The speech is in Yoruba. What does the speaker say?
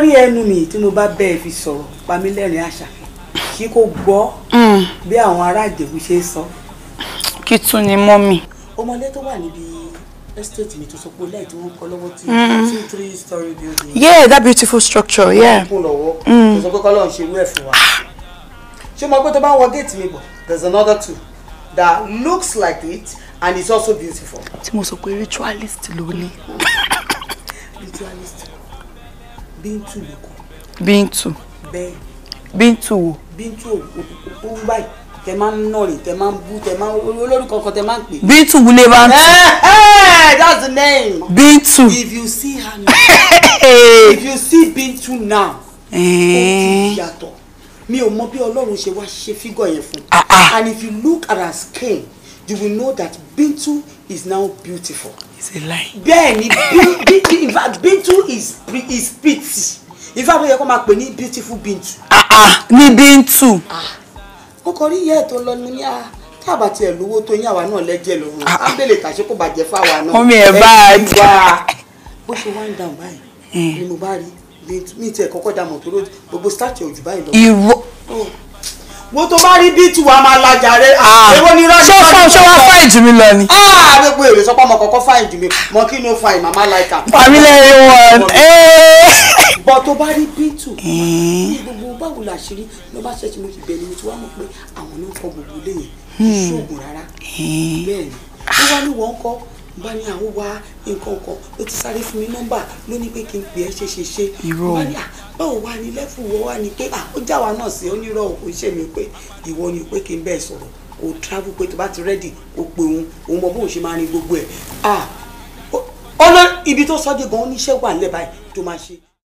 rí ẹnu mi tí mo bá bẹ́ẹ̀ fi sọ̀rọ̀ pa mí lẹ́rìn àṣà kí kò gbọ́ mm. bí àwọn ará ìjẹ̀bú ṣe ń sọ. kí tún ni mọ́ mi. ọmọlé tó wà níbi estate mi tó sọ pé lẹ́yìn tí wọ́n kọ́ lọ́wọ́ tí mm. two three story building. yeah that beautiful structure yeah. kún lọ́wọ́ mm. kò sọ pé kọ́lọ́ ń ṣe irú ẹ̀ fún wa. ṣé o mọ̀ tó bá wọ gate mi bọ̀ there's another two that looks like it and it's also beautiful. tí mo sọ pé ritualist ló ní. ritualist bíntù ló kù. bíntù. bẹ́ẹ̀. bíntù wo. bíntù ó ń báyìí tẹ máa ń nọ̀rì tẹ máa ń bú tẹ máa ń olórúkọ kan tẹ máa ń pè. bíntù wúlé bá ń tù. Eh, eh, that's the name. bíntù. if you see her now if you see bíntù now. ó eh. ti yàtọ̀ mi ò mọ bí ọlọ́run ṣe wá ṣe fígọ̀ yẹn fún. Ah, ah. and if you look at her skin you will know that Bintu is now beautiful. It's a lie. Bẹ́ẹ̀ni Bintu in fact Bintu is is pretty. In fact ó yẹ kó máa pè beautiful Bintu. Ah ah ní Bintu. Ah mo kọ rí ìyá ẹ̀ tó lọ ní ní a tá a bá tiẹ̀ lówó tó yín àwa náà lẹ́jẹ̀ lọ́rùn ábẹ́lẹ̀ ah, ah. tàṣé kò bàjẹ́ fáwa náà. Mọ́mí ẹ̀ bá a jẹ́. Bó ṣe wind down báyìí eh. ni mo bá rí mi tiẹ̀ kọ́kọ́ dààmú tó lójú gbogbo starch ojú báyìí lọ. Ìwọ wo tó bá rí bíi tiwa máa lajà rẹ. Ah. èwo ni rádìo fún mi. ṣé wàá fáìn jù mí lọ ni. Ah, gbogbo èrè sọ pé ọmọ kọ̀ọ̀kan fáìn jù mí mọ kí ló fáìn màmá láìka. pàmí lẹ́yìn wọn. Eh. bọ́ tó bá rí bíi tù eh. gbogbo báwo la ṣe rí ló bá ṣẹ̀ṣẹ̀ mo ti bẹ̀rẹ̀ mo ti wá mọ̀ pé àwọn ló ń fọ gbogbo lẹ́yìn ṣoògùn rárá eh. bẹ́ẹ̀ ni wọ́n wá ní wọ́n kọ́ bá ní àwọn wá nǹkan kan ló ti sáré fún mi nọ́mbà ló ní pé kí n pè é ṣe ṣe ṣe bá ní báwo wá ní lẹ́fù wọ́n wá ní pé ó já wa náà sí onírọ̀ kò ṣe mí pé ìwọ ni pé kí n bẹ́ẹ̀ sọ̀rọ̀ kò travel pé tó bá ti rẹ́dì kò pé òun òun mọ bóun ṣe máa rin gbogbo ẹ̀ ọlọ́ ibi tó sọ́dẹ̀ gan-an oníṣẹ́ wà lẹ́bàá tó máa ṣe.